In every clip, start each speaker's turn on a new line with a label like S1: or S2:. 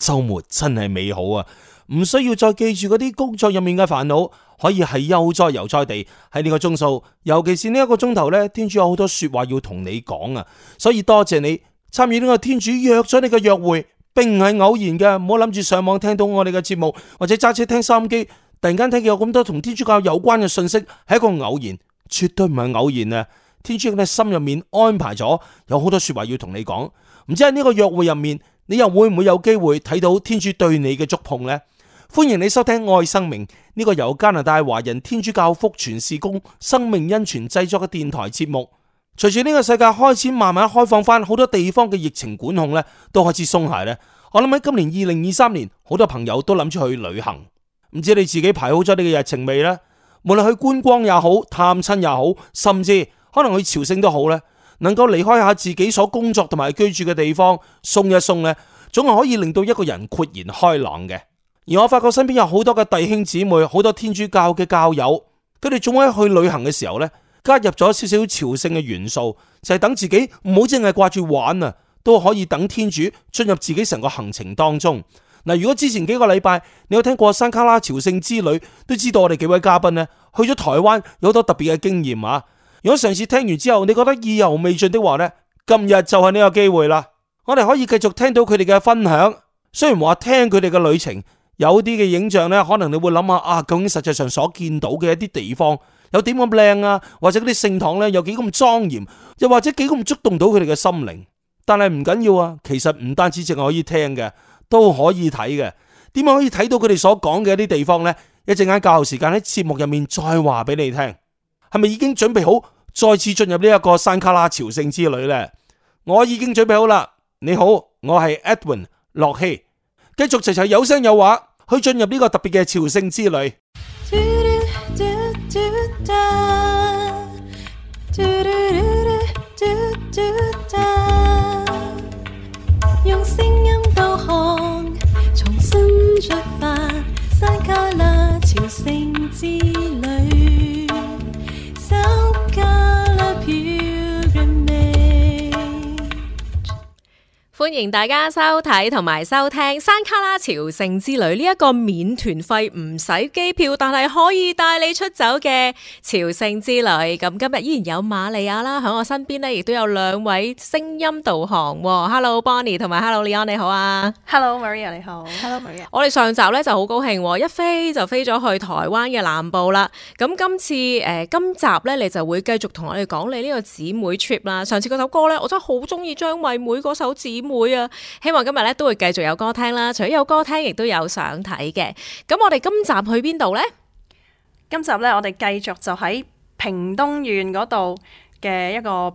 S1: 周末真係美好啊！唔需要再記住嗰啲工作入面嘅煩惱，可以係悠哉悠哉地喺呢個鐘數。尤其是呢一個鐘頭呢，天主有好多說話要同你講啊！所以多謝你參與呢個天主約咗你嘅約會，並唔係偶然嘅。唔好諗住上網聽到我哋嘅節目，或者揸車聽收音機，突然間聽見有咁多同天主教有關嘅信息，係一個偶然，絕對唔係偶然啊！天主嘅心入面安排咗，有好多說話要同你講。唔知喺呢個約會入面？你又會唔會有機會睇到天主對你嘅觸碰呢？歡迎你收聽《愛生命》呢個由加拿大華人天主教福傳事工生命恩泉製作嘅電台節目。隨住呢個世界開始慢慢開放翻，好多地方嘅疫情管控咧都開始鬆懈咧。我諗喺今年二零二三年，好多朋友都諗住去旅行，唔知你自己排好咗呢個日程未咧？無論去觀光也好，探親也好，甚至可能去朝聖都好咧。能夠離開下自己所工作同埋居住嘅地方，鬆一鬆呢，總係可以令到一個人豁然開朗嘅。而我發覺身邊有好多嘅弟兄姊妹，好多天主教嘅教友，佢哋總喺去旅行嘅時候呢，加入咗少少朝聖嘅元素，就係等自己唔好淨係掛住玩啊，都可以等天主進入自己成個行程當中。嗱，如果之前幾個禮拜你有聽過《山卡拉朝聖之旅》，都知道我哋幾位嘉賓呢，去咗台灣有好多特別嘅經驗啊！如果上次聽完之後你覺得意猶未盡的話呢，今日就係呢個機會啦，我哋可以繼續聽到佢哋嘅分享。雖然話聽佢哋嘅旅程，有啲嘅影像呢，可能你會諗下啊，究竟實際上所見到嘅一啲地方有點咁靚啊，或者嗰啲聖堂呢，有幾咁莊嚴，又或者幾咁觸動到佢哋嘅心靈。但係唔緊要啊，其實唔單止淨係可以聽嘅，都可以睇嘅。點樣可以睇到佢哋所講嘅一啲地方呢？一陣間較後時間喺節目入面再話俾你聽。係咪已經準備好再次進入呢一個山卡拉朝聖之旅呢？我已經準備好啦！你好，我係 Edwin 洛希，繼續齊齊有聲有話去進入呢個特別嘅朝聖之
S2: 旅。用聲音導航，重新出發，山卡拉朝聖之旅。
S3: 歡迎大家收睇同埋收聽山卡拉朝聖之旅呢一個免團費、唔使機票、但係可以帶你出走嘅朝聖之旅。咁今日依然有瑪利亞啦響我身邊咧，亦都有兩位聲音導航。Hello，Bonnie 同埋 Hello，Leon，你好啊
S4: ！Hello，Maria，你好！Hello，Maria。Hello
S3: Maria 我哋上集咧就好高興，一飛就飛咗去台灣嘅南部啦。咁今次誒、呃，今集咧你就會繼續同我哋講你呢個姊妹 trip 啦。上次嗰首歌咧，我真係好中意張惠妹嗰首姊妹。會啊！希望今日咧都會繼續有歌聽啦，除咗有歌聽，亦都有想睇嘅。咁我哋今
S4: 集去邊度呢？今集咧，我哋繼續就喺屏東縣嗰度嘅一個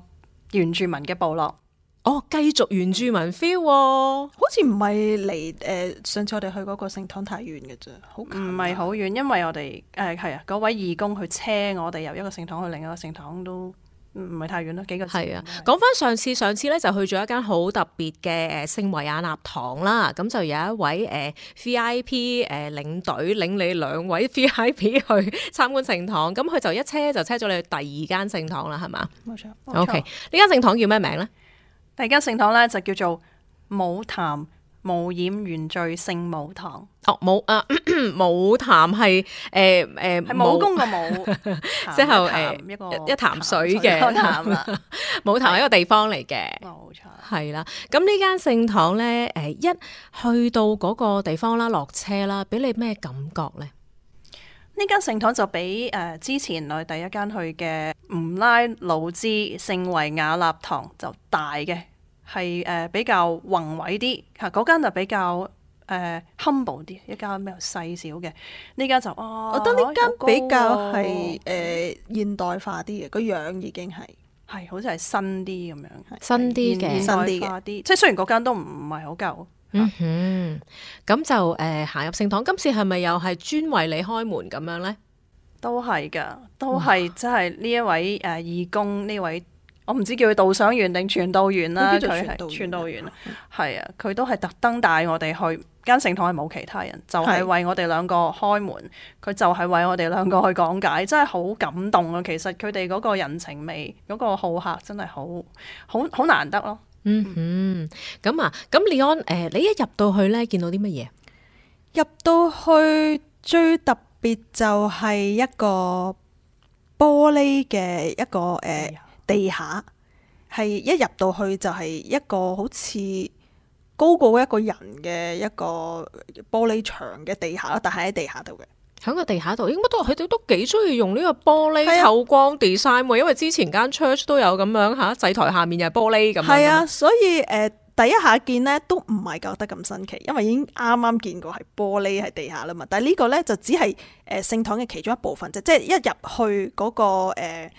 S4: 原住民嘅部落。哦，繼續原住民 feel，哦，好似唔係嚟誒，上次我哋去嗰個聖堂太遠嘅咋，好唔係好遠，因為我哋誒係啊，嗰位義工去車我哋由一個聖堂去另一個聖堂都。唔唔係太遠咯，幾個？係啊，
S3: 講返上次，上次咧就去咗一間好特別嘅誒聖維也納堂啦。咁就有一位誒 VIP 誒領隊領你兩位 VIP 去參觀聖堂。咁佢就一車就車咗你去第二間聖堂啦，係嘛？冇錯
S4: ，OK。呢間聖堂叫咩名咧？第二間聖堂咧就叫做武壇。無染原罪聖母堂
S3: 哦，冇啊，冇潭係誒，誒係武功嘅舞，之後誒一潭 水嘅，冇潭係一個地方嚟嘅。冇錯係啦。咁呢間聖堂咧，誒一去到嗰個地方啦，落車啦，俾你咩感覺咧？
S4: 呢間聖堂就比誒、呃、之前我第一間去嘅吳拉魯茲聖維亞納堂就大嘅。係誒、呃、比較宏偉啲嚇，嗰間就比較誒、呃、humble 啲，一間比較細小嘅。呢間就啊，我覺得呢間比較係誒、哦呃、現代化啲嘅，個樣已經係係好似係新啲咁樣，新啲嘅，新啲嘅。啲。即係雖然嗰間都唔係好舊。
S5: 嗯哼，
S4: 咁就誒行、呃、入聖堂，今次係咪又係專為你開門咁樣咧？都係嘅，都係即係呢一位誒、呃、義工呢位。我唔知叫佢導賞員定傳道員啦。佢係傳道員，係啊的，佢都係特登帶我哋去間聖堂，係冇其他人，就係、是、為我哋兩個開門。佢的就係為我哋兩個去講解，真係好感動啊！其實佢哋嗰個人情味，嗰、那個好客真係好好好難得咯。
S3: 嗯哼，咁啊，
S4: 咁李安，誒，你一入到去咧，見到啲乜嘢？入到去最特別就係一個玻璃嘅一個誒。呃地下係一入到去就係一個好似高過一個人嘅一個玻璃牆嘅地下，但係喺地下度
S1: 嘅。
S3: 喺個地下度，應該都佢哋都幾中意用呢個玻璃、啊、透光 design，因為之前間 church 都有咁樣嚇，祭台下面又係玻璃咁。係啊，
S4: 所以誒、呃，第一下見呢都唔係覺得咁新奇，因為已經啱啱見過係玻璃喺地下啦嘛。但係呢個呢就只係誒、呃、聖堂嘅其中一部分啫，即係一入去嗰、那個、呃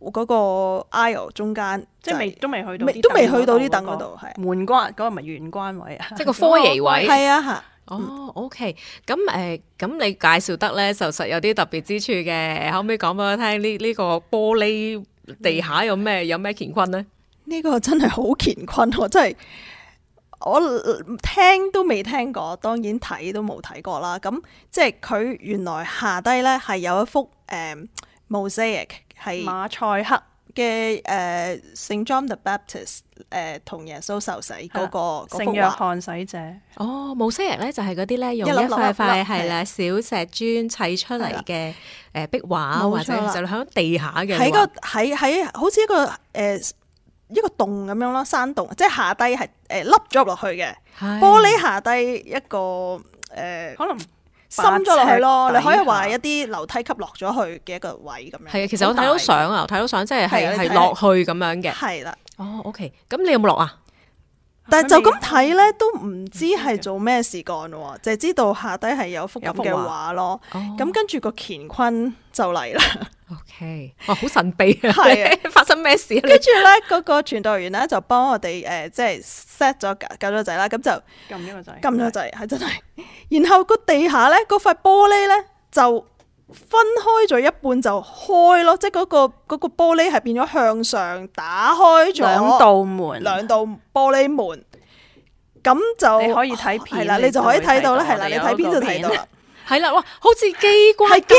S4: 嗰個 aisle 中間，即係未都未去到，都未去到呢等嗰度，係門關嗰個係咪玄關位啊？即係個科儀位係啊嚇。哦、嗯、哦，OK，咁誒，咁、呃、你
S3: 介紹得咧，就實有啲特別之處嘅。可唔可以講俾我聽，呢、這、呢個玻璃
S4: 地下有咩、嗯、有咩乾坤咧？呢個真係好乾坤，我真係我聽都未聽過，當然睇都冇睇過啦。咁即係佢原來下低咧係有一幅誒 mosaic。Um, 係馬賽克嘅誒，聖、uh, John the Baptist 誒，同耶穌受洗嗰個聖約翰洗者。
S3: 哦，某些人咧就係嗰啲咧用一塊塊係啦小石磚砌出嚟嘅誒壁畫，的或者就響地下嘅。喺個
S4: 喺喺好似一個誒、呃、一個洞咁樣咯，山洞，即係下低係誒凹咗落去嘅的玻璃下低一個誒、呃、可能。深咗落去咯，你可以話一啲樓梯級落咗去嘅一個位咁樣。係啊，其實我睇到
S3: 相啊，睇到相即係係係落去咁樣嘅。係啦的，哦，OK，咁你有冇落啊？
S4: 但係就咁睇咧，都唔知係做咩事幹嘅，就係知，知道下底係有幅咁嘅畫咯。咁跟住個乾坤就嚟啦。哦
S3: OK，哇，好神秘 啊！係
S4: 發生咩事？跟住咧，嗰個傳道員咧就幫我哋誒，即係 set 咗搞咗掣啦，咁就撳咗個掣，撳咗個掣，係真係。然後個地下咧，嗰塊玻璃咧就分開咗一半，就開咯，即係嗰個個玻璃係變咗向上打開咗兩,兩道門，兩道玻璃門。咁就可以睇片啦，哦，你就可以睇到啦，係啦的，你睇邊就睇到啦？係啦，哇！好似機關，係機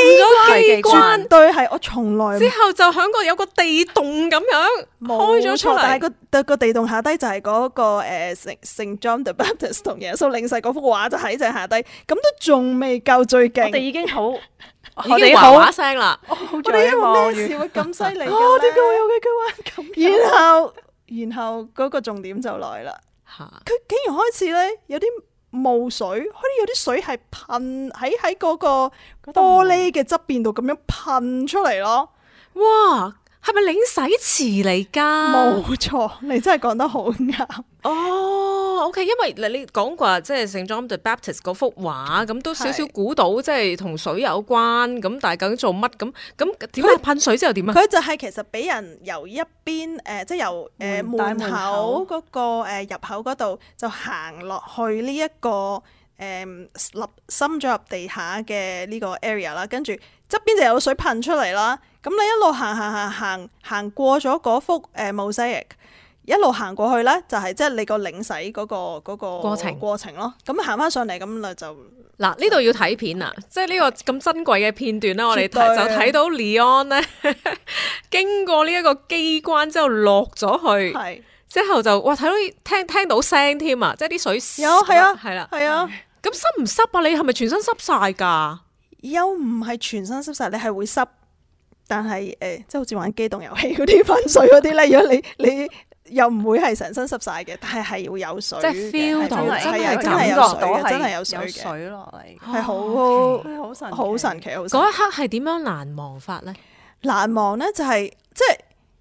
S4: 關，絕對係，我從來之後就響個有個地洞咁樣開咗出嚟。但係個個地洞下低就係嗰個誒，聖聖 John the Baptist 同耶穌領洗，嗰幅畫就喺正下低。咁都仲未夠最勁，我哋已經好，我哋話話聲
S3: 啦。我哋用咩事會咁犀利？我
S4: 點解會用佢佢玩咁？然後然後嗰個重點就來啦。吓，佢竟然開始咧有啲霧水，好似有啲水係噴喺喺嗰個玻璃嘅側邊度咁樣噴出嚟咯，哇！係咪領洗池嚟㗎？冇錯，你真係講得好啱。哦、oh,，OK，
S3: 因為你講過即係聖莊 the Baptist 嗰幅畫，咁都少少估到，即係同水有關。咁是但係究竟做乜？咁咁點解？噴它水之後點啊？佢就係其實俾人
S4: 由一邊誒、呃，即係由誒、呃、門，門口嗰、那個誒口、呃、入口嗰度就行落去呢、這、一個。誒立、嗯、深咗入地下嘅呢個 area 啦，跟住側邊就有水噴出嚟啦，咁你一路行行行行行過咗嗰幅誒 mosaic，一路行過去呢，就係即係你個領洗嗰個嗰個過程過程咯。咁行翻上嚟咁就
S3: 嗱，呢度要睇片啊！即係呢個咁珍貴嘅片段啦，我哋就睇到 Leon 咧經過呢一個機關之後落咗去，的之後就哇睇到聽聽到聲添啊！即係啲水有啊，係啦，係啊。的 咁濕唔濕啊？你係咪全身濕晒㗎？
S4: 又唔係全身濕晒？你係會濕，但係誒，即、呃、係好似玩機動遊戲嗰啲噴水嗰啲咧。如果 你你，你又唔會係成身濕晒嘅，但係係會有水，即係 feel 到是是真係真係有水，真係有水嘅水落嚟，係好好神好神奇。嗰一刻係點樣難忘法咧？難忘咧就係、是、即係。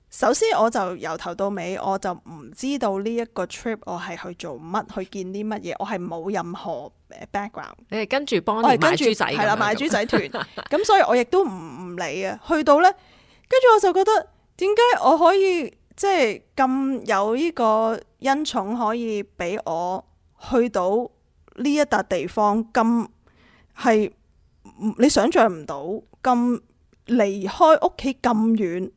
S4: 首先我就由頭到尾，我就唔知道呢一個 trip 我係去做乜，去見啲乜嘢，我係冇任何 background。
S3: 你跟住幫我跟住仔，係啦，賣豬仔
S4: 團。咁 所以我亦都唔理啊。去到呢，跟住我就覺得，點解我可以即係咁有呢個恩寵，可以俾我去到呢一笪地方咁係你想象唔到咁離開屋企咁遠。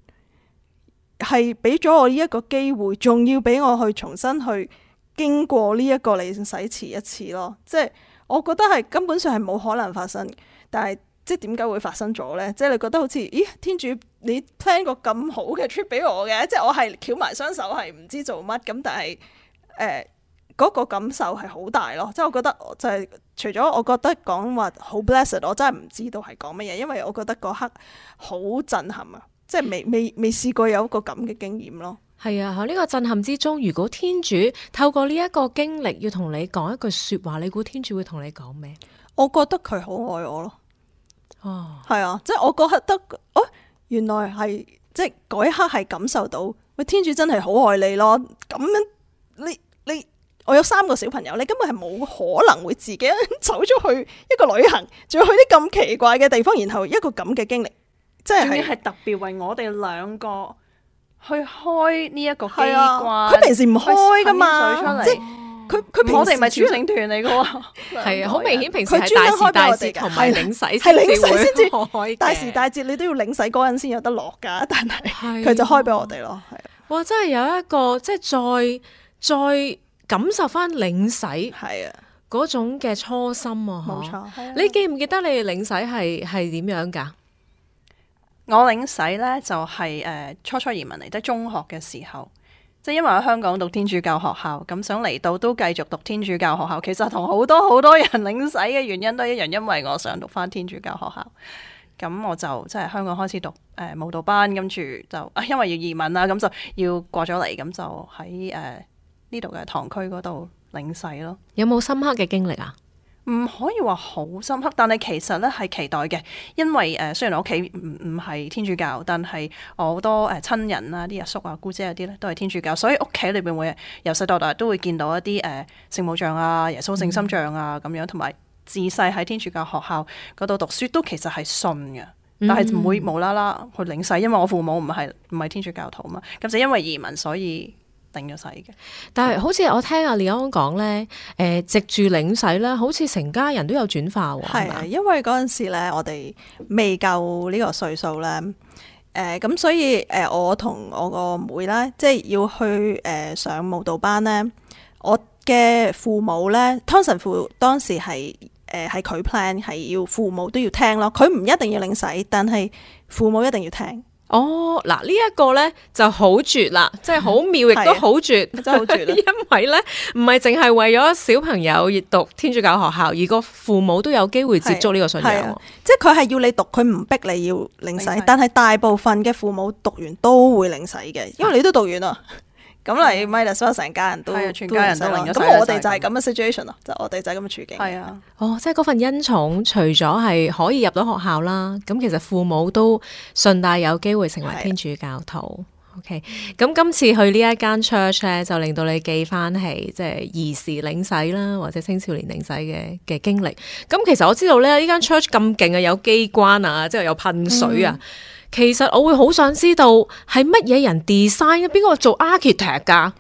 S4: 係俾咗我呢一個機會，仲要俾我去重新去經過呢、這、一個你洗詞一次咯。即係我覺得係根本上係冇可能發生，但係即係點解會發生咗呢？即係你覺得好似，咦天主你 plan 過咁好嘅 trip 俾我嘅，即係我係翹埋雙手係唔知做乜咁，但係誒嗰個感受係好大咯。即係我覺得就係、是、除咗我覺得講話好 blessed，我真係唔知道係講乜嘢，因為我覺得嗰刻好震撼啊！即係未未未試過有一個咁嘅經驗咯，
S3: 係啊！喺呢個震撼之中，如果天主透過呢一個經歷要同你講一句說話，你估天主會同你講咩？我覺得佢好愛我咯。
S4: 哦，係啊，即係我覺得，哦，原來係即係嗰一刻係感受到，喂，天主真係好愛你咯。咁樣，你你我有三個小朋友，你根本係冇可能會自己走 咗去一個旅行，仲要去啲咁奇怪嘅地方，然後一個咁嘅經歷。即係係特別為我哋兩個去開呢一個機關。佢平時唔開噶嘛，即係佢佢我哋咪主領團嚟噶，係啊，好明顯平時係大時大節同埋領洗係領洗先至大時大節，你都要領洗嗰陣先有得落噶。但係佢就開俾我哋咯，係哇，真係有一個即係再再感受翻
S3: 領洗係啊嗰種嘅初心啊，冇錯。你記唔記得你哋領洗
S4: 係係點樣噶？我領洗咧就係、是、誒初初移民嚟，即係中學嘅時候，即係因為喺香港讀天主教學校，咁想嚟到都繼續讀天主教學校。其實同好多好多人領洗嘅原因都一樣，因為我想讀翻天主教學校。咁我就即係香港開始讀誒舞蹈班，跟住就、啊、因為要移民啦，咁就要過咗嚟，咁就喺誒呢度嘅堂區嗰度領洗咯。有冇
S3: 深刻嘅經歷啊？
S4: 唔可以話好深刻，但係其實咧係期待嘅，因為誒雖然我屋企唔唔係天主教，但係我好多誒親人啊、啲阿叔啊、姑姐嗰啲咧都係天主教，所以屋企裏邊會由細到大都會見到一啲誒聖母像啊、耶穌聖心像啊咁樣，同埋、嗯、自細喺天主教學校嗰度讀書都其實係信嘅，但係唔會無啦啦去領洗，因為我父母唔係唔係天主教徒嘛，咁就因為移民所以。定咗洗嘅，
S3: 但係好似我聽阿李安講咧，誒、呃，藉住領洗啦，
S4: 好似成家人都有轉化係嘛？因為嗰陣時咧、呃呃，我哋未夠呢個歲數咧，誒，咁所以誒，我同我個妹咧，即係要去誒上舞蹈班咧，我嘅父母咧，湯神父當時係誒係佢 plan 係要父母都要聽咯，佢唔一定要領洗，但係父母一定要聽。
S3: 哦，嗱呢一個咧就好絕啦，即係好妙亦都好絕，即係 因為咧唔係淨係為咗小朋友而讀天主教學校，而個父母都有機會接觸呢個信仰。
S4: 即係佢係要你讀，佢唔逼你要領洗，但係大部分嘅父母讀完都會領洗嘅，因為你都讀完啦。 咁嚟，所有成家人都全家人都就咁，就我哋就係咁嘅 situation 咯，就我哋就係咁嘅處境。係啊，
S3: 哦，即係嗰份恩寵，除咗係可以入到學校啦，咁其實父母都順帶有機會成為天主教徒。啊、OK，咁今次去呢一間 church 咧，就令到你記翻起即係、就是、兒時領洗啦，或者青少年領洗嘅嘅經歷。咁其實我知道咧，呢間 church 咁勁啊，有機關啊，即係有噴水啊。嗯其實我會好想知道係乜嘢人
S4: design 嘅，邊個做 architect 噶？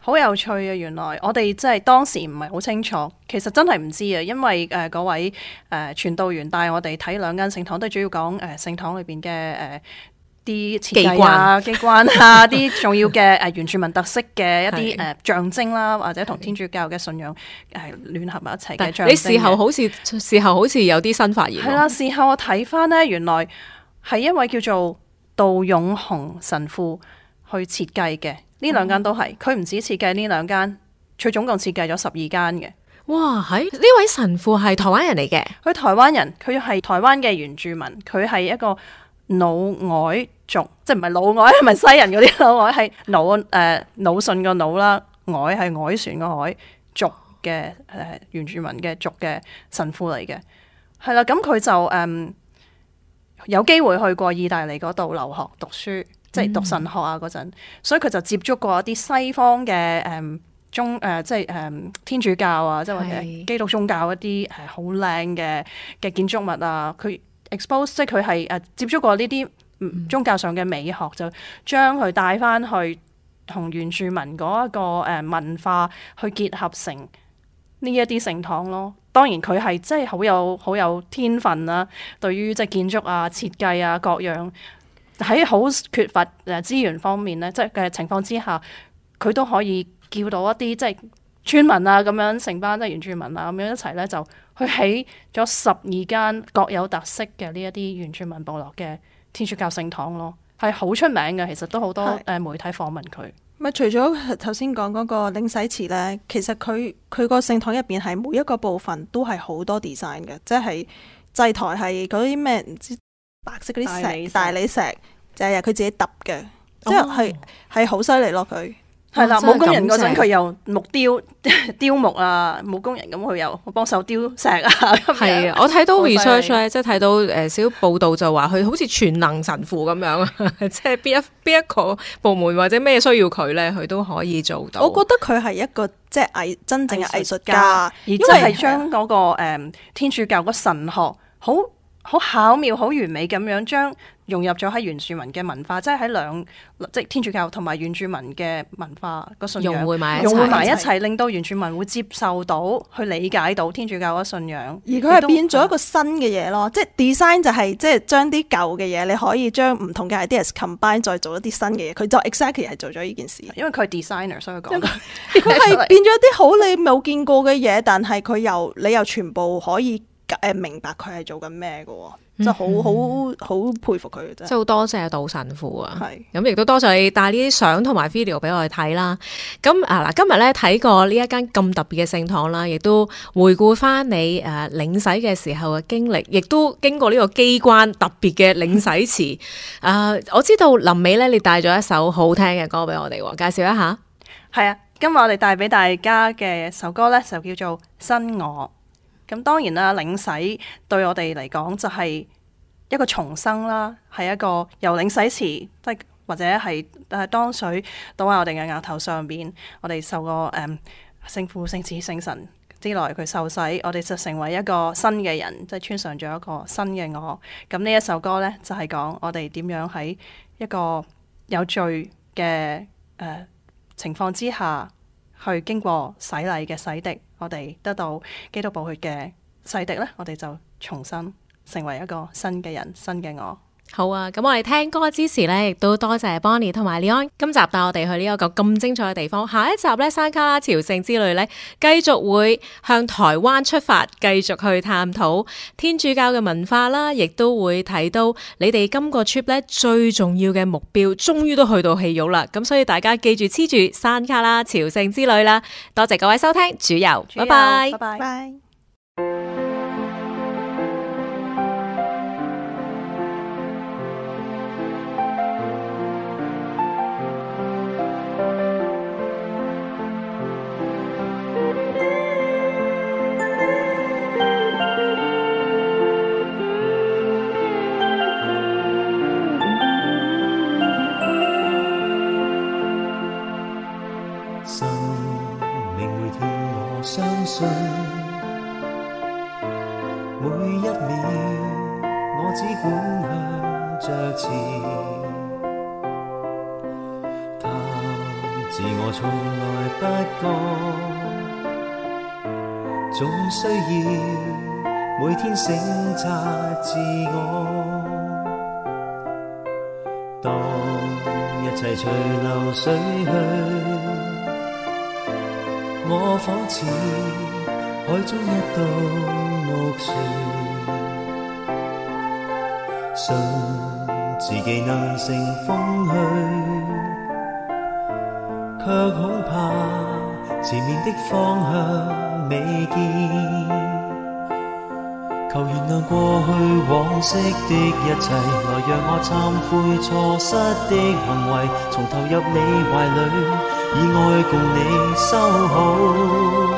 S4: 好有趣啊！原來我哋真係當時唔係好清楚，其實真係唔知啊！因為嗰位誒傳道員帶我哋睇兩間聖堂，都主要講誒聖堂裡邊嘅誒啲設計啊、機關啊、啲重要嘅誒原住民特色嘅一啲誒象徵啦，或者同天主教嘅信仰誒聯合埋一齊嘅。你事後好似事後好似有啲新發現，係啦，事後我睇翻呢原來。係一位叫做杜永雄神父去設計嘅，呢兩間都係，佢唔止設計呢兩間，佢總共設計咗十二間嘅。哇！喺呢位神父係台灣人嚟嘅，佢台灣人，佢係台灣嘅原住民，佢係一個老外族，即係唔係老外，係咪西人嗰啲老外，係 老誒，魯迅個魯啦，外係外旋個外族嘅誒、呃，原住民嘅族嘅神父嚟嘅，係啦，咁佢就誒。嗯有機會去過意大利嗰度留學讀書，即係讀神學啊嗰陣，嗯、所以佢就接觸過一啲西方嘅誒中誒、呃，即係誒天主教啊，是即係或者基督宗教一啲誒好靚嘅嘅建築物啊。佢 expose，即係佢係誒接觸過呢啲宗教上嘅美學，嗯、就將佢帶翻去同原住民嗰一個誒文化去結合成呢一啲聖堂咯。當然佢係真係好有好有天分啦，對於即係建築啊、設計啊各樣喺好缺乏誒資源方面咧，即係嘅情況之下，佢都可以叫到一啲即係村民啊咁樣成班即係原住民啊咁樣一齊咧，就去起咗十二間各有特色嘅呢一啲原住民部落嘅天主教聖堂咯，係好出名嘅，其實都好多誒媒體訪問佢。咪除咗頭先講嗰個領洗池咧，其實佢佢個聖堂入邊係每一個部分都係好多 design 嘅，即係祭台係嗰啲咩唔知白色嗰啲石大理石，大理石，就係、是、佢自己揼嘅，哦、即係係好犀利咯佢。係啦，冇、哦、工人嗰陣，佢又木雕雕木啊，冇工人咁佢又我幫手雕石啊。
S3: 係啊，我睇到 research 咧，即係睇到誒少報道就話佢好似全能神父咁樣，即係邊一邊一個部門或者咩需要佢咧，佢都可以做到。我覺
S4: 得佢係一個即係藝真正嘅藝術家，而真係將嗰個誒、嗯、天主教嗰神學好好巧妙、好完美咁樣將融入咗喺原住民嘅文化，即係喺兩即係天主教同埋原住民嘅文化個信仰融匯埋一齊，融匯埋一齊，令到原住民會接受到去理解到天主教嘅信仰。而佢係變咗一個新嘅嘢咯，嗯、即係 design 就係即係將啲舊嘅嘢，你可以將唔同嘅 ideas combine 再做一啲新嘅嘢。佢、嗯、就 exactly 係做咗呢件事，因為佢係 designer，所以講佢係變咗啲好你冇見過嘅嘢，但係佢又你又全部可以。明白佢係做緊咩嘅，就
S3: 好好好佩服佢嘅啫。即係好多
S4: 謝杜神父啊，
S3: 係咁亦都多謝你帶呢啲相同埋 video 俾我哋睇啦。咁啊嗱，今日咧睇過呢一間咁特別嘅聖堂啦，亦都回顧翻你誒領洗嘅時候嘅經歷，亦都經過呢個機關特別嘅領洗池。啊， 我知道臨尾咧，你帶咗一首好聽嘅歌俾我哋，介紹一下。
S4: 係啊，今日我哋帶俾大家嘅首歌咧，就叫做新我。咁當然啦，領洗對我哋嚟講就係一個重生啦，係一個由領洗池，即係或者係誒當水倒喺我哋嘅額頭上邊，我哋受過誒、嗯、聖父、聖子、聖神之內佢受洗，我哋就成為一個新嘅人，即、就、係、是、穿上咗一個新嘅我。咁、嗯、呢一首歌呢，就係、是、講我哋點樣喺一個有罪嘅、呃、情況之下去經過洗禮嘅洗滌。我哋得到基督寶血嘅洗滌咧，我哋就重新成為一個新嘅人、新嘅我。
S3: 好啊！咁我哋聽歌之時咧，亦都多謝 Bonnie 同埋 Leon 今集帶我哋去呢一個咁精彩嘅地方。下一集咧，山卡拉朝聖之旅咧，繼續會向台灣出發，繼續去探討天主教嘅文化啦，亦都會睇到你哋今個 trip 咧最重要嘅目標，終於都去到戲玉啦。咁所以大家記住黐住山卡拉朝聖之旅啦。多謝各位收聽，主佑，
S4: 拜拜拜拜。
S5: 將一道木船，信自己能乘風去，卻恐怕前面的方向未見。求原諒過去往昔的一切，來讓我懺悔錯失的行為，重投入你懷裡，以愛共你修好。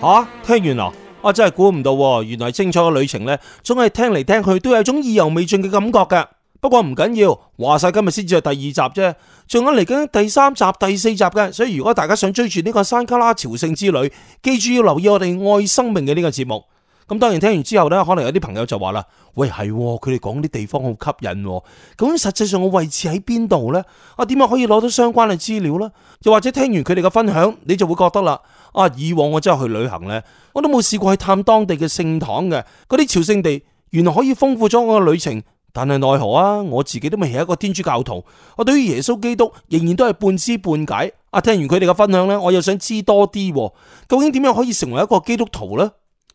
S1: 吓、啊，聽完啊，我真係估唔到、啊，原來精彩嘅旅程呢，總係聽嚟聽去都有種意猶未盡嘅感覺嘅。不過唔緊要，話晒今日先至係第二集啫，仲有嚟緊第三集、第四集嘅。所以如果大家想追住呢個山卡拉朝聖之旅，記住要留意我哋愛生命嘅呢個節目。咁、嗯、當然聽完之後呢，可能有啲朋友就話啦：，喂，係佢哋講啲地方好吸引、哦，咁實際上我位置喺邊度呢？啊，點樣可以攞到相關嘅資料呢？又或者聽完佢哋嘅分享，你就會覺得啦。啊！以往我真係去旅行呢，我都冇試過去探當地嘅聖堂嘅，嗰啲朝聖地原來可以豐富咗我嘅旅程。但係奈何啊，我自己都未係一個天主教徒，我對於耶穌基督仍然都係半知半解。啊，聽完佢哋嘅分享呢，我又想知多啲，究竟點樣可以成為一個基督徒呢？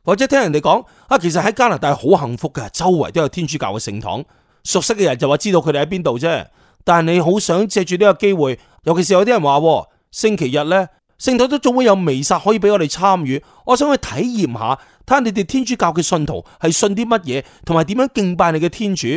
S1: 或者聽人哋講啊，其實喺加拿大好幸福嘅，周圍都有天主教嘅聖堂，熟悉嘅人就話知道佢哋喺邊度啫。但係你好想借住呢個機會，尤其是有啲人話、哦、星期日呢。聖堂都總會有彌撒可以俾我哋參與，我想去體驗下，睇下你哋天主教嘅信徒係信啲乜嘢，同埋點樣敬拜你嘅天主？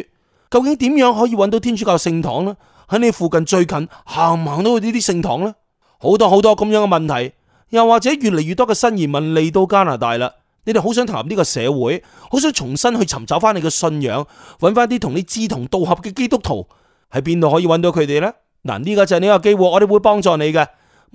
S1: 究竟點樣可以揾到天主教聖堂呢？喺你附近最近行唔行到去呢啲聖堂呢？好多好多咁樣嘅問題，又或者越嚟越多嘅新移民嚟到加拿大啦，你哋好想投入呢個社會，好想重新去尋找翻你嘅信仰，揾翻啲同你志同道合嘅基督徒，喺邊度可以揾到佢哋呢？嗱，呢個就係呢個機會，我哋會幫助你嘅。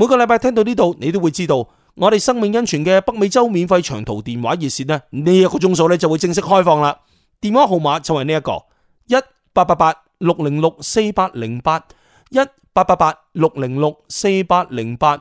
S1: 每個禮拜聽到呢度，你都會知道我哋生命恩泉嘅北美洲免費長途電話熱線咧，呢一個鐘數咧就會正式開放啦。電話號碼就係呢一個一八八八六零六四八零八一八八八六零六四八零八，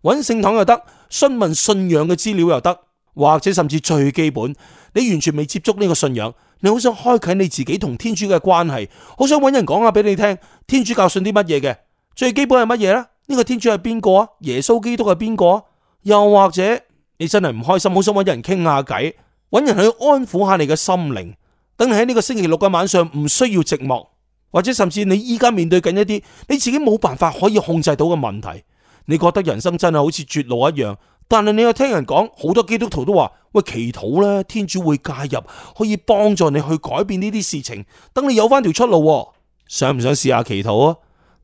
S1: 揾聖堂又得，詢問信仰嘅資料又得，或者甚至最基本，你完全未接觸呢個信仰，你好想開啟你自己同天主嘅關係，好想揾人講下俾你聽天主教信啲乜嘢嘅，最基本係乜嘢呢？呢個天主係邊個啊？耶穌基督係邊個啊？又或者你真係唔開心，好想揾人傾下偈，揾人去安撫下你嘅心靈，等你喺呢個星期六嘅晚上唔需要寂寞，或者甚至你依家面對緊一啲你自己冇辦法可以控制到嘅問題，你覺得人生真係好似絕路一樣？但係你又聽人講，好多基督徒都話，喂，祈禱咧，天主會介入，可以幫助你去改變呢啲事情，等你有翻條出路。想唔想試下祈禱啊？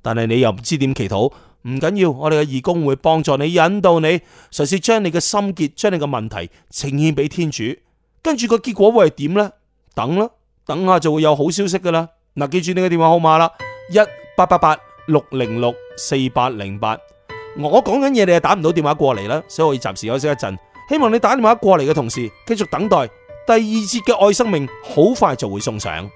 S1: 但係你又唔知點祈禱。唔緊要，我哋嘅義工會幫助你，引導你，嘗試將你嘅心結、將你嘅問題呈現俾天主，跟住個結果會係點呢？等咯，等下就會有好消息噶啦。嗱、啊，記住你嘅電話號碼啦，一八八八六零六四八零八。我講緊嘢，你係打唔到電話過嚟啦，所以我要暫時休息一陣。希望你打電話過嚟嘅同時，繼續等待第二節嘅愛生命，好快就會送上。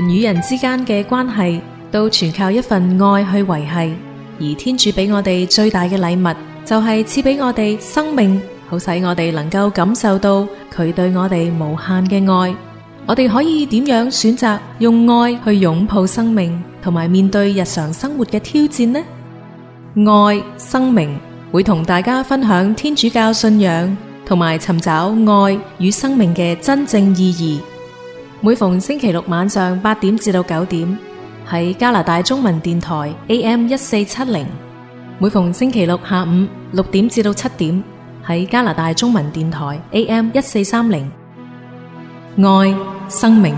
S3: 人與人之間嘅關係，都全靠一份愛去維繫。而天主俾我哋最大嘅禮物，就係賜俾我哋生命，好使我哋能夠感受到佢對我哋無限嘅愛。我哋可以點樣選擇用愛去擁抱生命，同埋面對日常生活嘅挑戰呢？愛、生命，會同大家分享天主教信仰，同埋尋找愛與生命嘅真正意義。每逢星期六晚上八點至到九點，喺加拿大中文電台 AM 一四七零；每逢星期六下午六點至到七點，喺加拿大中文電台 AM 一四三零。愛生命，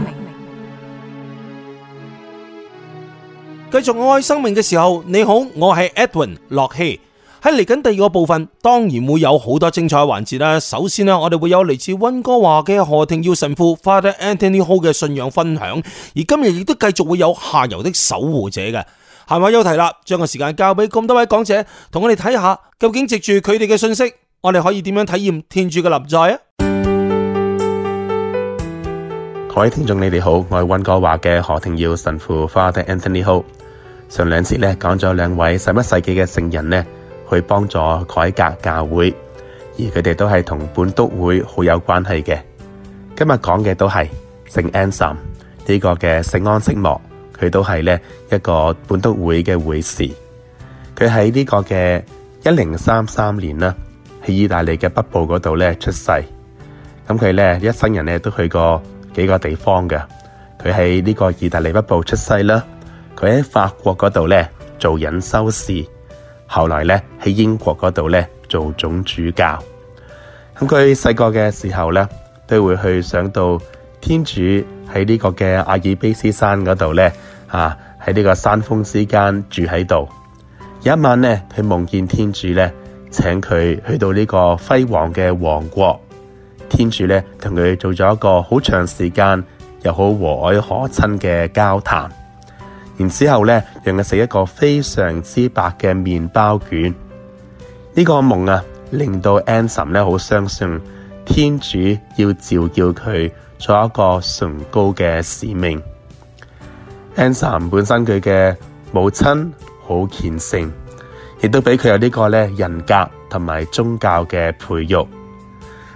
S1: 繼續愛生命嘅時候，你好，我係 Edwin 樂希。喺嚟緊第二個部分，當然會有好多精彩嘅環節啦。首先咧，我哋會有嚟自溫哥華嘅何廷耀神父 Father Anthony Ho 嘅信仰分享，而今日亦都繼續會有下游的守護者嘅。下位有提啦？將個時間交俾咁多位講者，同我哋睇下究竟藉住佢哋嘅信息，我哋可以點樣體驗天主嘅立在啊？
S6: 各位聽眾，你哋好，我係溫哥華嘅何廷耀神父 Father Anthony Ho。上兩次咧講咗兩位十一世紀嘅聖人呢。佢幫助改革教會，而佢哋都係同本篤會好有關係嘅。今日講嘅都係聖安森呢個嘅聖安息莫，佢都係咧一個本篤會嘅會士。佢喺呢個嘅一零三三年啦，喺意大利嘅北部嗰度咧出世。咁佢咧一生人咧都去過幾個地方嘅。佢喺呢個意大利北部出世啦，佢喺法國嗰度咧做隱修士，後來咧喺英國嗰度咧做總主教，咁佢細個嘅時候咧都會去想到天主，喺呢個嘅阿爾卑斯山嗰度咧啊喺呢個山峰之間住喺度。有一晚咧，佢夢見天主咧請佢去到呢個輝煌嘅王國，天主咧同佢做咗一個好長時間又好和藹可親嘅交談。然之後咧，讓佢食一個非常之白嘅麵包卷。呢、這個夢啊，令到 Anson 咧好相信天主要召叫佢做一個崇高嘅使命。Anson、嗯、本身佢嘅母親好虔誠，亦都俾佢有呢個咧人格同埋宗教嘅培育。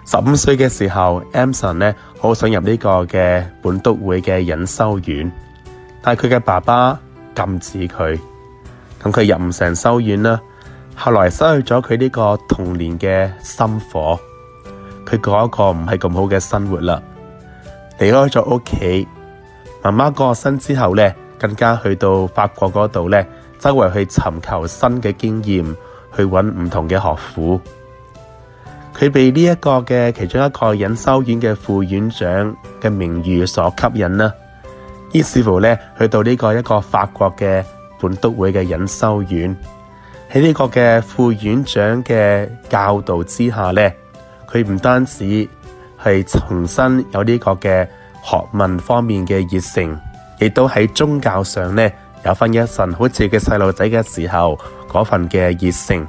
S6: 十五歲嘅時候，Anson 咧好想入呢個嘅本篤會嘅隱修院。但係佢嘅爸爸禁止佢，咁佢入唔成修院啦。後來失去咗佢呢個童年嘅心火，佢過一個唔係咁好嘅生活啦。離開咗屋企，媽媽過身之後咧，更加去到法國嗰度咧，周圍去尋求新嘅經驗，去搵唔同嘅學府。佢被呢一個嘅其中一個隱修院嘅副院長嘅名譽所吸引啦。於是乎呢，去到呢個一個法國嘅本篤會嘅隱修院，喺呢個嘅副院長嘅教導之下呢，佢唔單止係重新有呢個嘅學問方面嘅熱誠，亦都喺宗教上呢，有翻一神，好似佢細路仔嘅時候嗰份嘅熱誠。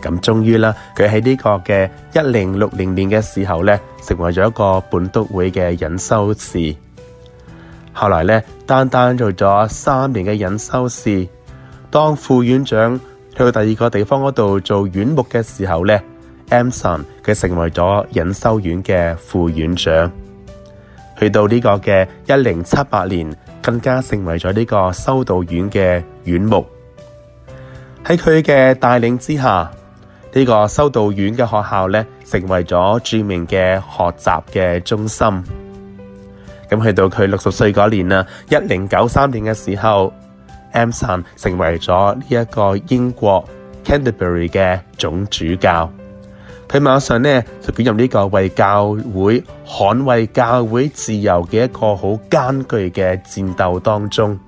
S6: 咁終於啦，佢喺呢個嘅一零六零年嘅時候呢，成為咗一個本篤會嘅隱修士。後來咧，單單做咗三年嘅隱修士，當副院長去到第二個地方嗰度做院牧嘅時候咧，Amson 佢成為咗隱修院嘅副院長。去到呢個嘅一零七八年，更加成為咗呢個修道院嘅院牧。喺佢嘅帶領之下，呢個修道院嘅學校咧，成為咗著名嘅學習嘅中心。咁去到佢六十歲嗰年啦，一零九三年嘅時候，Amson 成為咗呢一個英國 Canterbury 嘅總主教。佢馬上咧就捲入呢個為教會捍衛教會自由嘅一個好艱巨嘅戰鬥當中。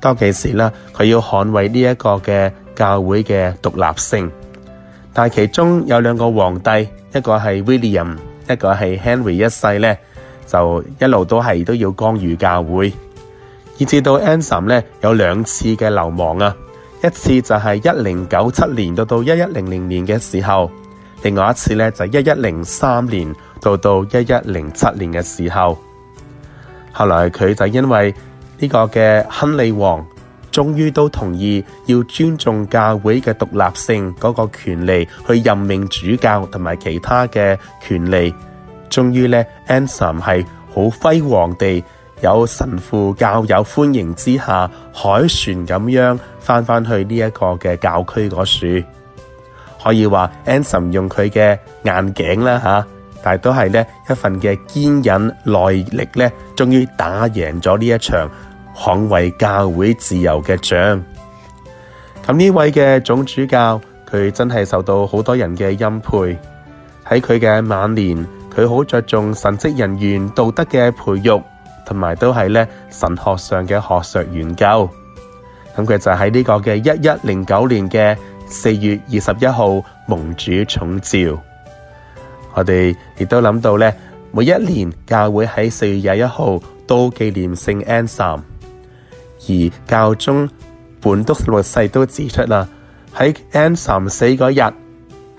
S6: 當其時啦，佢要捍衛呢一個嘅教會嘅獨立性。但係其中有兩個皇帝，一個係 William，一個係 Henry 一世咧。就一路都係都要干預教會，以至到安森咧有兩次嘅流亡啊，一次就係一零九七年到到一一零零年嘅時候，另外一次咧就一一零三年到到一一零七年嘅時候。後來佢就因為呢個嘅亨利王，終於都同意要尊重教會嘅獨立性嗰個權利，去任命主教同埋其他嘅權利。終於咧，Anson 係好輝煌地有神父教友歡迎之下，海船咁樣翻返去呢一個嘅教區嗰處。可以話 Anson 用佢嘅硬頸啦吓，但係都係咧一份嘅堅忍耐力咧，終於打贏咗呢一場捍衞教會自由嘅仗。咁呢位嘅總主教，佢真係受到好多人嘅欽佩喺佢嘅晚年。佢好着重神職人員道德嘅培育，同埋都係神學上嘅學術研究。咁佢就喺呢個嘅一一零九年嘅四月二十一號，蒙主重召。我哋亦都諗到咧，每一年教會喺四月廿一號都紀念聖安三。而教宗本篤六世都指出啦，喺安三死嗰日，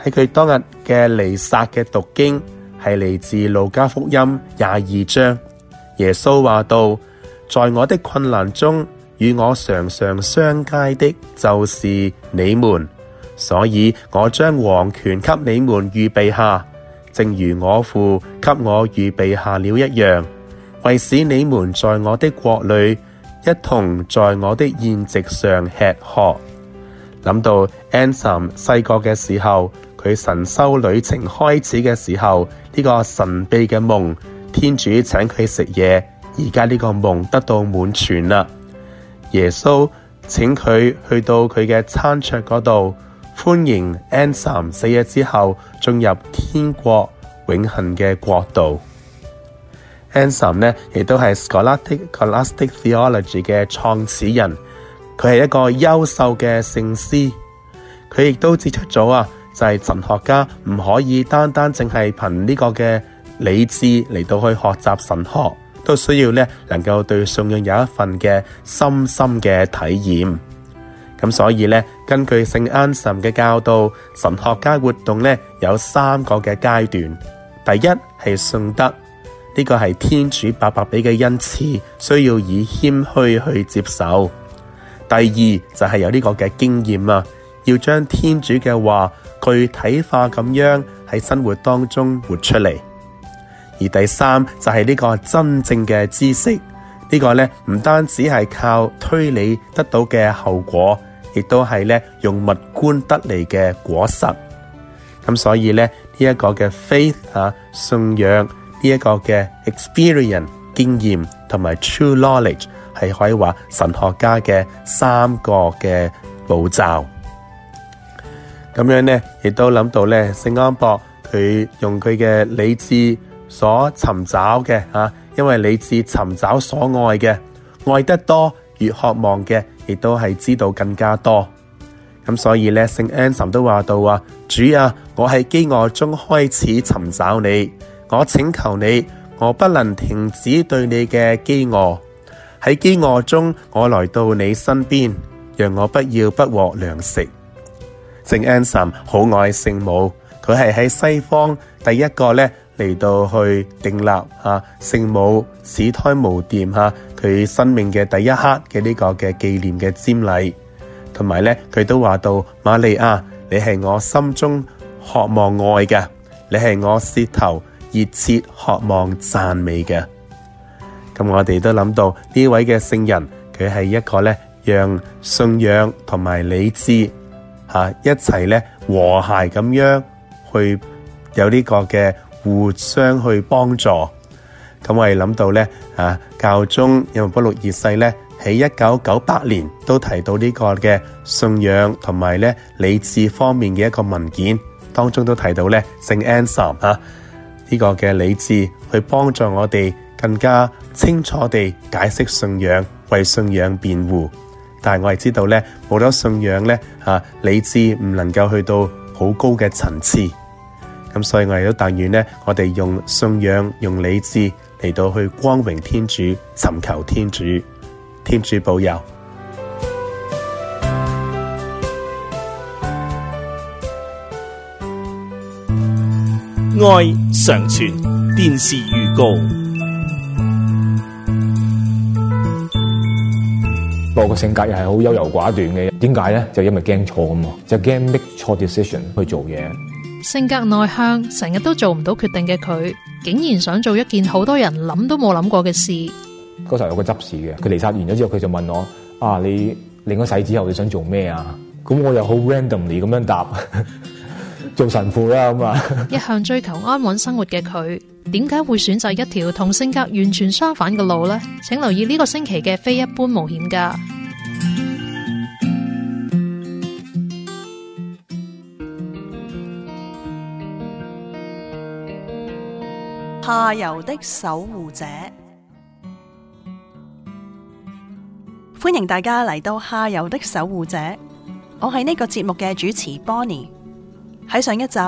S6: 喺佢當日嘅彌撒嘅讀經。係嚟自路加福音廿二章，耶穌話道：在我的困難中與我常常相偕的，就是你們，所以我將王權給你們預備下，正如我父給我預備下了一樣，為使你們在我的國裏一同在我的宴席上吃喝。諗到 Anson 細個嘅時候。佢神修旅程開始嘅時候，呢個神秘嘅夢，天主請佢食嘢。而家呢個夢得到滿全啦。耶穌請佢去到佢嘅餐桌嗰度，歡迎安神死咗之後進入天國永恆嘅國度。安神 呢亦都係 scholastic colastic theology 嘅創始人，佢係一個優秀嘅聖師。佢亦都指出咗啊。就係神學家唔可以單單淨係憑呢個嘅理智嚟到去學習神學，都需要咧能夠對信仰有一份嘅深深嘅體驗。咁所以咧，根據聖安神嘅教導，神學家活動咧有三個嘅階段。第一係信德，呢、這個係天主白白俾嘅恩賜，需要以謙虛去接受。第二就係、是、有呢個嘅經驗啊，要將天主嘅話。具體化咁樣喺生活當中活出嚟，而第三就係、是、呢個真正嘅知識，呢、這個呢唔單止係靠推理得到嘅後果，亦都係呢用物觀得嚟嘅果實。咁所以呢，呢、這、一個嘅 faith 啊，信仰，呢、這、一個嘅 experience 經驗，同埋 true knowledge 係可以話神學家嘅三個嘅步驟。咁樣咧，亦都諗到咧，聖安博佢用佢嘅理智所尋找嘅啊，因為理智尋找所愛嘅，愛得多，越渴望嘅，亦都係知道更加多。咁所以咧，聖安神都話到啊：「主啊，我喺飢餓中開始尋找你，我請求你，我不能停止對你嘅飢餓。喺飢餓中，我來到你身邊，讓我不要不獲糧食。聖安森好愛聖母，佢係喺西方第一個咧嚟到去訂立啊聖母始胎無玷，吓、佢、啊、生命嘅第一刻嘅呢、這個嘅紀念嘅瞻禮，同埋咧佢都話到瑪利亞，你係我心中渴望愛嘅，你係我舌頭熱切渴望讚美嘅。咁、啊、我哋都諗到呢位嘅聖人，佢係一個咧讓信仰同埋理智。啊！一齊咧，和諧咁樣去有呢個嘅互相去幫助。咁我哋諗到咧，啊，教宗若望保祿二世咧喺一九九八年都提到呢個嘅信仰同埋咧理智方面嘅一個文件，當中都提到咧，聖安瑟啊呢、這個嘅理智去幫助我哋更加清楚地解釋信仰，為信仰辯護。但係我係知道咧，冇咗信仰咧，啊，理智唔能夠去到好高嘅層次。咁、嗯、所以我哋都但願呢，我哋用信仰、用理智嚟到去光榮天主、尋求天主、天主保佑。愛
S1: 常存，電視預告。不過個性格又係好優柔寡斷嘅，點解咧？就因為驚錯咁啊，就驚 make 錯 decision 去做嘢。
S3: 性格內向，成日都做唔到決定嘅佢，竟然想做一件好多人諗都冇諗過嘅事。
S1: 嗰時候有個執事嘅，佢離煞完咗之後，佢就問我：啊，你領咗洗之後你想做咩啊？咁我又好 randomly 咁樣答。 做神父啦咁啊！
S4: 一向追求安穩生活嘅佢，點解會選擇一條同性格完全相反嘅路呢？請留意呢個星期嘅非一般冒險家。下游的守護者，歡迎大家嚟到下游的守護者。我係呢個節目嘅主持 Bonnie 喺上一集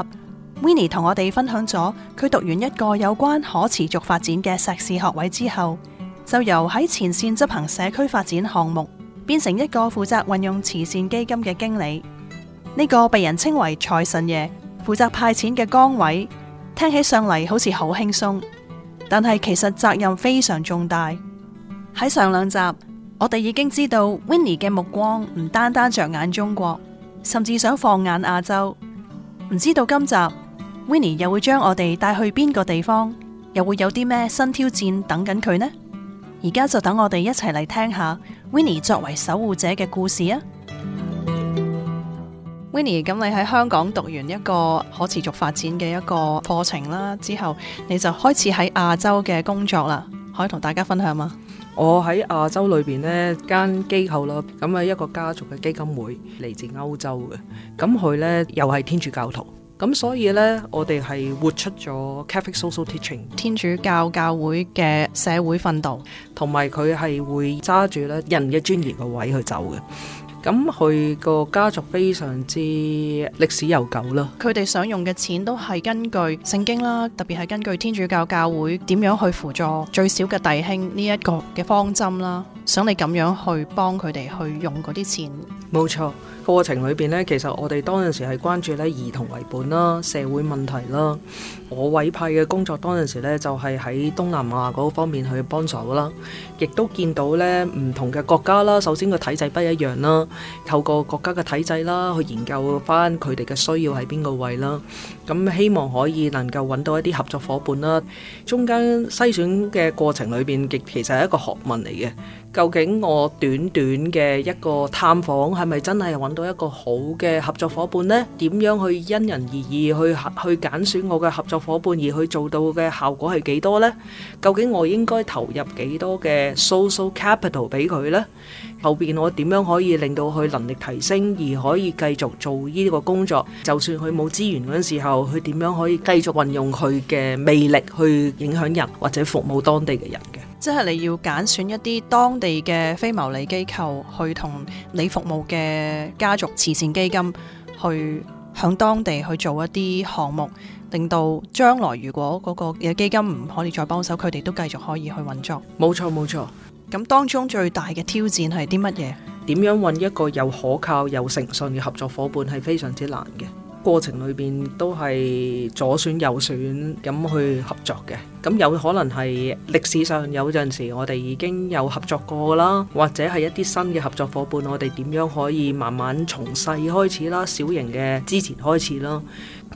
S4: ，Winnie 同我哋分享咗佢讀完一個有關可持續發展嘅碩士學位之後，就由喺前線執行社區發展項目，變成一個負責運用慈善基金嘅經理。呢個被人稱為財神爺，負責派錢嘅崗位，聽起上嚟好似好輕鬆，但係其實責任非常重大。喺上兩集，我哋已經知道 Winnie 嘅目光唔單單着眼中國，甚至想放眼亞洲。唔知道今集 Winnie 又會將我哋帶去邊個地方，又會有啲咩新挑戰等緊佢呢？而家就等我哋一齊嚟聽下 Winnie 作為守護者嘅故事啊！Winnie，咁你喺香港讀完一個可持續發展嘅一個課程啦，之後你就開始喺亞洲嘅工作啦，可以同大家分享嗎？我喺
S7: 亞洲裏邊呢間機構咯，咁係一個家族嘅基金會，嚟自歐洲嘅，咁佢呢又係天主教徒，咁所以呢，我哋係活出咗 Catholic Social Teaching 天主教教會嘅社會訓導，同埋佢係會揸住咧人嘅尊嚴個位去走嘅。咁佢個家族非常之歷史悠久啦。
S4: 佢哋想用嘅錢都係根據聖經啦，特別係根據天主教教會點樣去輔助最少嘅弟兄呢一個嘅方針啦。想你咁樣去幫佢哋去用嗰啲錢。
S7: 冇錯，過程裏邊呢，其實我哋當陣時係關注咧兒童為本啦、社會問題啦。我委派嘅工作當陣時呢，就係、是、喺東南亞嗰方面去幫手啦。亦都見到呢唔同嘅國家啦，首先個體制不一樣啦，透過國家嘅體制啦去研究翻佢哋嘅需要喺邊個位啦。咁、嗯、希望可以能夠揾到一啲合作伙伴啦。中間篩選嘅過程裏邊亦其實係一個學問嚟嘅。究竟我短短嘅一個探訪，係咪真係揾到一個好嘅合作伙伴咧？點樣去因人而異去去揀選我嘅合作伙伴而去做到嘅效果係幾多咧？究竟我應該投入幾多嘅 social capital 俾佢咧？後邊我點樣可以令到佢能力提升而可以繼續做呢個工作？就算佢冇資源嗰陣時候，佢點樣可以繼續運用佢嘅魅力去影響人或者服務當地嘅人嘅？
S4: 即係你要揀選一啲當地嘅非牟利機構去同你服務嘅家族慈善基金去向當地去做一啲項目，令到將來如果嗰個嘅基金唔可以再幫手，佢哋都繼續可以去運作。冇錯，冇錯。咁當中最大嘅挑戰係啲乜嘢？
S7: 點樣搵一個又可靠又誠信嘅合作夥伴係非常之難嘅。過程裏邊都係左選右選咁去合作嘅。咁有可能係歷史上有陣時我哋已經有合作過啦，或者係一啲新嘅合作夥伴，我哋點樣可以慢慢從細開始啦，小型嘅支持開始啦。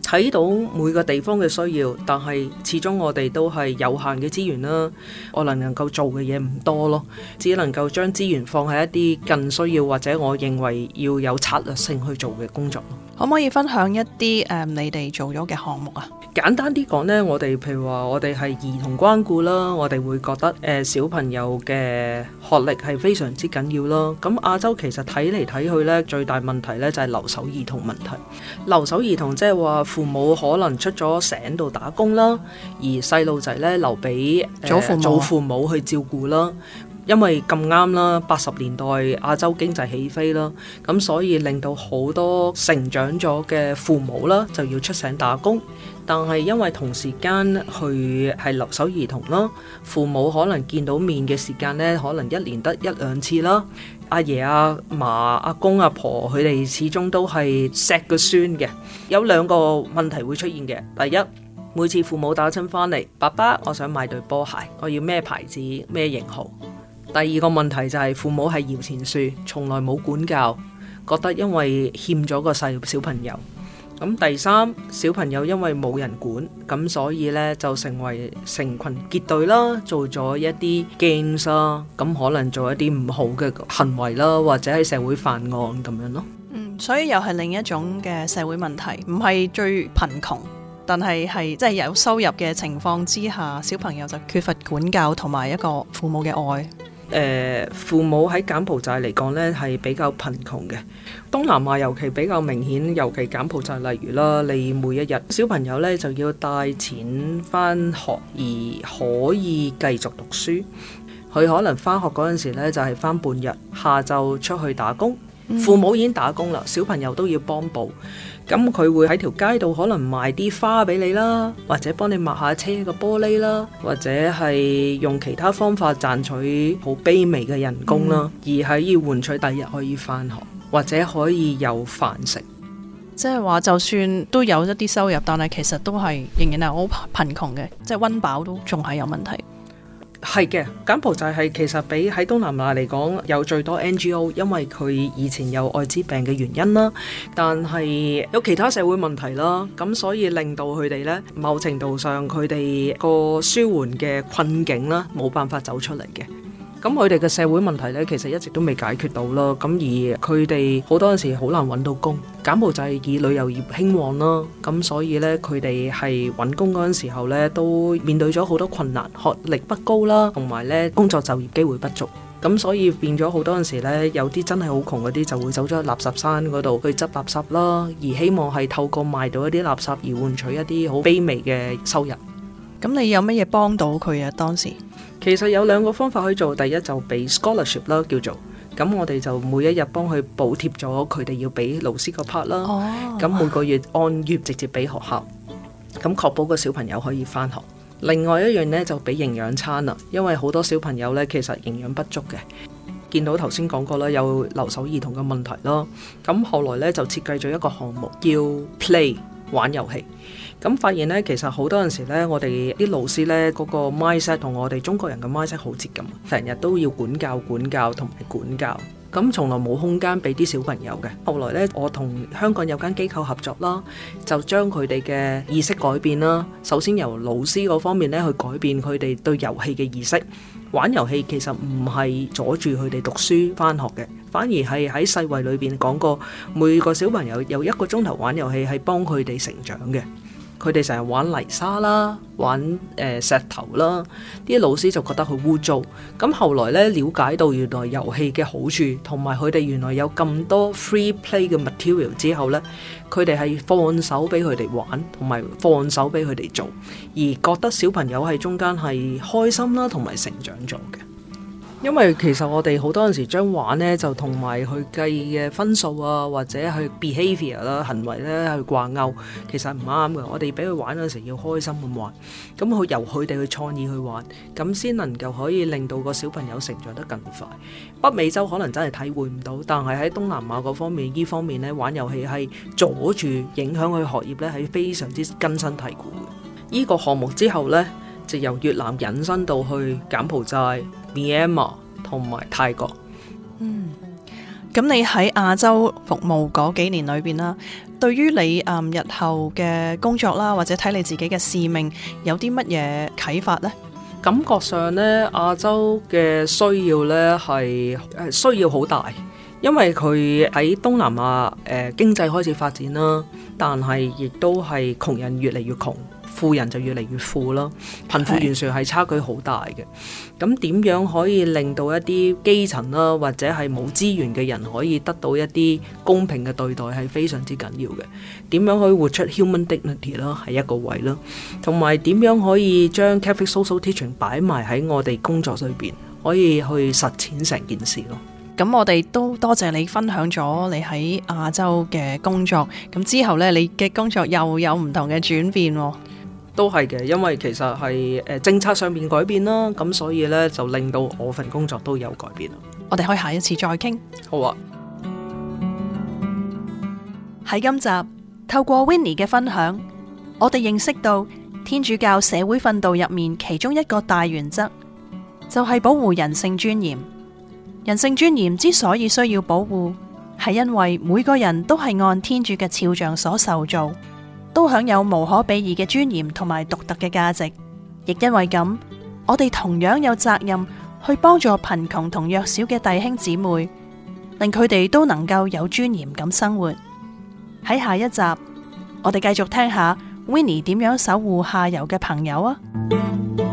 S7: 睇到每個地方嘅需要，但係始終我哋都係有限嘅資源啦，我能夠做嘅嘢唔多咯，只能夠將資源放喺一啲更需要或者我認為要有策略性去做嘅工作。
S4: 可唔可以分享一啲誒、呃、你哋做咗嘅項目啊？
S7: 簡單啲講呢，我哋譬如話我哋係兒童關顧啦，我哋會覺得誒、呃、小朋友嘅學歷係非常之緊要咯。咁亞洲其實睇嚟睇去呢，最大問題呢就係留守兒童問題。留守兒童即係話，父母可能出咗省度打工啦，而細路仔咧，留俾、呃、祖、祖父母去照顧啦。因為咁啱啦，八十年代亞洲經濟起飛啦，咁所以令到好多成長咗嘅父母啦，就要出省打工。但係因為同時間去係留守兒童啦，父母可能見到面嘅時間咧，可能一年得一兩次啦。阿爺阿嫲、阿公阿婆，佢哋始終都係錫個孫嘅，有兩個問題會出現嘅。第一，每次父母打親返嚟，爸爸我想買對波鞋，我要咩牌子咩型號。第二個問題就係、是、父母係搖錢樹，從來冇管教，覺得因為欠咗個細小朋友。咁第三，小朋友因為冇人管，咁所以呢就成為成群結隊啦，做咗一啲 games 啦，咁可能做一啲唔好嘅行為啦，或者係社會犯案咁樣咯。嗯，
S4: 所以又係另一種嘅社會問題，唔係最貧窮，但係係即係有收入嘅情況之下，小朋友就缺乏管教同埋一個父母嘅愛。
S7: 呃、父母喺柬埔寨嚟講呢係比較貧窮嘅，東南亞尤其比較明顯，尤其柬埔寨，例如啦，你每一日小朋友呢就要帶錢返學而可以繼續讀書，佢可能返學嗰陣時呢就係、是、返半日，下晝出去打工，嗯、父母已經打工啦，小朋友都要幫補。咁佢會喺條街度可能賣啲花俾你啦，或者幫你抹下車個玻璃啦，或者係用其他方法賺取好卑微嘅人工啦，嗯、而係要換取第日可以翻學，或者可以有飯食。
S4: 即係話，就算都有一啲收入，但係其實都係仍然係好貧窮嘅，即係溫飽都仲係有問題。
S7: 係嘅，柬埔寨係其實比喺東南亞嚟講有最多 NGO，因為佢以前有艾滋病嘅原因啦，但係有其他社會問題啦，咁所以令到佢哋呢某程度上佢哋個舒緩嘅困境啦，冇辦法走出嚟嘅。咁佢哋嘅社會問題呢，其實一直都未解決到咯。咁而佢哋好多陣時好難揾到工。柬埔寨以旅遊業興旺啦，咁所以呢，佢哋係揾工嗰陣時候呢，都面對咗好多困難，學歷不高啦，同埋呢，工作就業機會不足。咁所以變咗好多陣時呢，有啲真係好窮嗰啲就會走咗去垃圾山嗰度去執垃圾啦，而希望係透過賣到一啲垃圾而換取一啲好卑微嘅收入。
S4: 咁你有乜嘢幫到佢啊？當時？
S7: 其實有兩個方法去做，第一就俾 scholarship 啦，叫做咁，我哋就每一日幫佢補貼咗佢哋要俾老師個 part 啦。哦，咁每個月按月直接俾學校，咁確保個小朋友可以返學。另外一樣呢，就俾營養餐啦，因為好多小朋友呢其實營養不足嘅，見到頭先講過啦，有留守兒童嘅問題咯。咁後來呢，就設計咗一個項目叫 Play。玩遊戲，咁發現呢，其實好多陣時呢，我哋啲老師呢，嗰個 Mindset 同我哋中國人嘅 Mindset 好似咁，成日都要管教、管教同埋管教，咁從來冇空間俾啲小朋友嘅。後來呢，我同香港有間機構合作啦，就將佢哋嘅意識改變啦。首先由老師嗰方面呢，去改變佢哋對遊戲嘅意識。玩遊戲，其實唔係阻住佢哋讀書返學嘅，反而係喺世衛裏邊講過，每個小朋友有一個鐘頭玩遊戲係幫佢哋成長嘅。佢哋成日玩泥沙啦，玩誒、呃、石頭啦，啲老師就覺得佢污糟。咁後來咧，了解到原來遊戲嘅好處，同埋佢哋原來有咁多 free play 嘅 material 之後咧，佢哋係放手俾佢哋玩，同埋放手俾佢哋做，而覺得小朋友喺中間係開心啦，同埋成長咗嘅。因為其實我哋好多陣時將玩呢，就同埋去計嘅分數啊，或者去 behaviour 啦、啊、行為咧去掛鈎，其實唔啱嘅。我哋俾佢玩嗰陣時要開心咁玩，咁佢由佢哋去創意去玩，咁先能夠可以令到個小朋友成長得更快。北美洲可能真係體會唔到，但係喺東南亞嗰方面呢方面呢，玩遊戲係阻住影響佢學業呢係非常之根深蒂固嘅。依、呢個項目之後呢，就由越南引申到去柬埔寨、Myanmar 同埋
S4: 泰國。嗯，咁你喺亞洲服務嗰幾年裏邊啦，對於你誒、嗯、日後嘅工作啦，或者睇你自己嘅使命，有啲乜嘢啟發呢？
S7: 感覺上呢，亞洲嘅需要呢係需要好大，因為佢喺東南亞誒、呃、經濟開始發展啦，但係亦都係窮人越嚟越窮。富人就越嚟越富咯，貧富懸殊係差距好大嘅。咁點是樣可以令到一啲基層啦，或者係冇資源嘅人可以得到一啲公平嘅對待係非常之緊要嘅。點樣可以活出 human dignity 咯，係一個位咯。同埋點樣可以將 Catholic Social Teaching 擺埋喺我哋工作裏邊，可以去實踐
S4: 成件事咯。咁我哋都多謝你分享咗你喺亞洲嘅工作。咁之後呢，你嘅工作又有唔同嘅轉變喎。
S7: 都係嘅，因為其實係誒政策上面改變啦，咁所以呢，就令到我份工作都有改
S4: 變啦。我哋可以下一次再傾。好啊。喺今集透過 Winnie 嘅分享，我哋認識到天主教社會訓導入面其中一個大原則，就係保護人性尊嚴。人性尊嚴之所以需要保護，係因為每個人都係按天主嘅肖像所受造。都享有無可比擬嘅尊嚴同埋獨特嘅價值，亦因為咁，我哋同樣有責任去幫助貧窮同弱小嘅弟兄姊妹，令佢哋都能夠有尊嚴咁生活。喺下一集，我哋繼續聽下 Winnie 點樣守護下游嘅朋友
S2: 啊！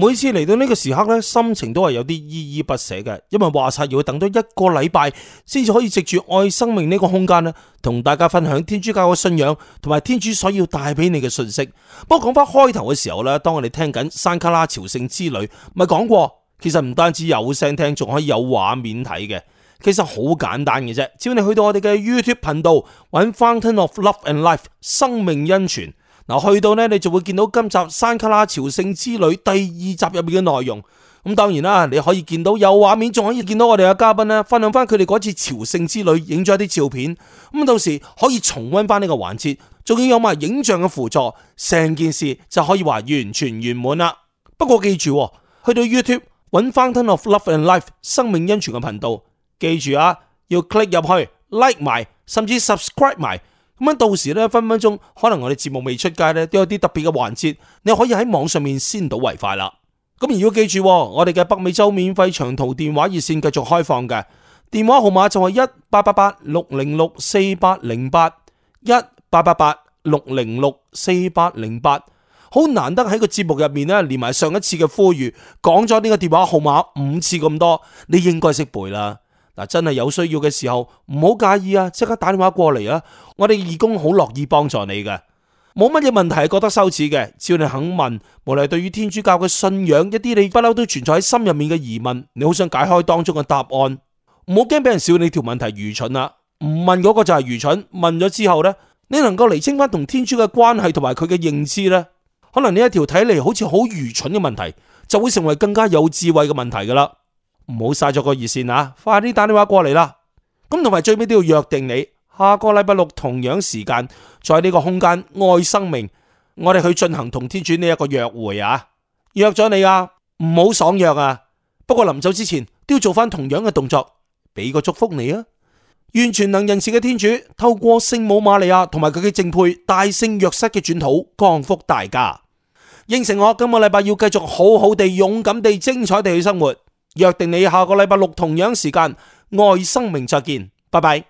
S1: 每次嚟到呢個時刻咧，心情都係有啲依依不捨嘅，因為話晒要等多一個禮拜，先至可以藉住愛生命呢個空間咧，同大家分享天主教嘅信仰同埋天主所要帶俾你嘅信息。不過講翻開頭嘅時候咧，當我哋聽緊山卡拉朝聖之旅，咪講過，其實唔單止有聲聽，仲可以有畫面睇嘅。其實好簡單嘅啫，只要你去到我哋嘅 YouTube 頻道，搵 Fountain of Love and Life 生命恩泉。嗱，去到呢，你就會見到今集《山卡拉朝聖之旅》第二集入面嘅內容。咁當然啦，你可以見到有畫面，仲可以見到我哋嘅嘉賓咧，分享翻佢哋嗰次朝聖之旅影咗一啲照片。咁到時可以重溫翻呢個環節，仲要有埋影像嘅輔助，成件事就可以話完全圓滿啦。不過記住，去到 YouTube 搵翻《Fountain of Love and Life》生命恩泉嘅頻道，記住啊，要 click 入去，like 埋，甚至 subscribe 埋。咁到時咧，分分鐘可能我哋節目未出街咧，都有啲特別嘅環節，你可以喺網上面先睹為快啦。咁如果記住我哋嘅北美洲免費長途電話熱線繼續開放嘅，電話號碼就係一八八八六零六四八零八，一八八八六零六四八零八。好難得喺個節目入面咧，連埋上一次嘅呼籲，講咗呢個電話號碼五次咁多，你應該識背啦。真係有需要嘅時候，唔好介意啊，即刻打電話過嚟啊。我哋義工好樂意幫助你嘅，冇乜嘢問題係覺得羞恥嘅，只要你肯問。無論係對於天主教嘅信仰，一啲你不嬲都存在喺心入面嘅疑問，你好想解開當中嘅答案，唔好驚俾人笑你條問題愚蠢啊。唔問嗰個就係愚蠢，問咗之後呢，你能夠釐清翻同天主嘅關係同埋佢嘅認知呢？可能呢一條睇嚟好似好愚蠢嘅問題，就會成為更加有智慧嘅問題噶啦。唔好晒咗個熱線啊！快啲打電話過嚟啦。咁同埋最尾都要約定你下個禮拜六同樣時間在呢個空間愛生命，我哋去進行同天主呢一個約會啊。約咗你啊，唔好爽約啊。不過臨走之前都要做翻同樣嘅動作，俾個祝福你啊。願全能仁慈嘅天主透過聖母瑪利亞同埋佢嘅淨配大聖若瑟嘅轉禱，降福大家應承我，今個禮拜要繼續好好地、勇敢地、精彩地去生活。約定你下個禮拜六同樣時間，愛生命再見，拜拜。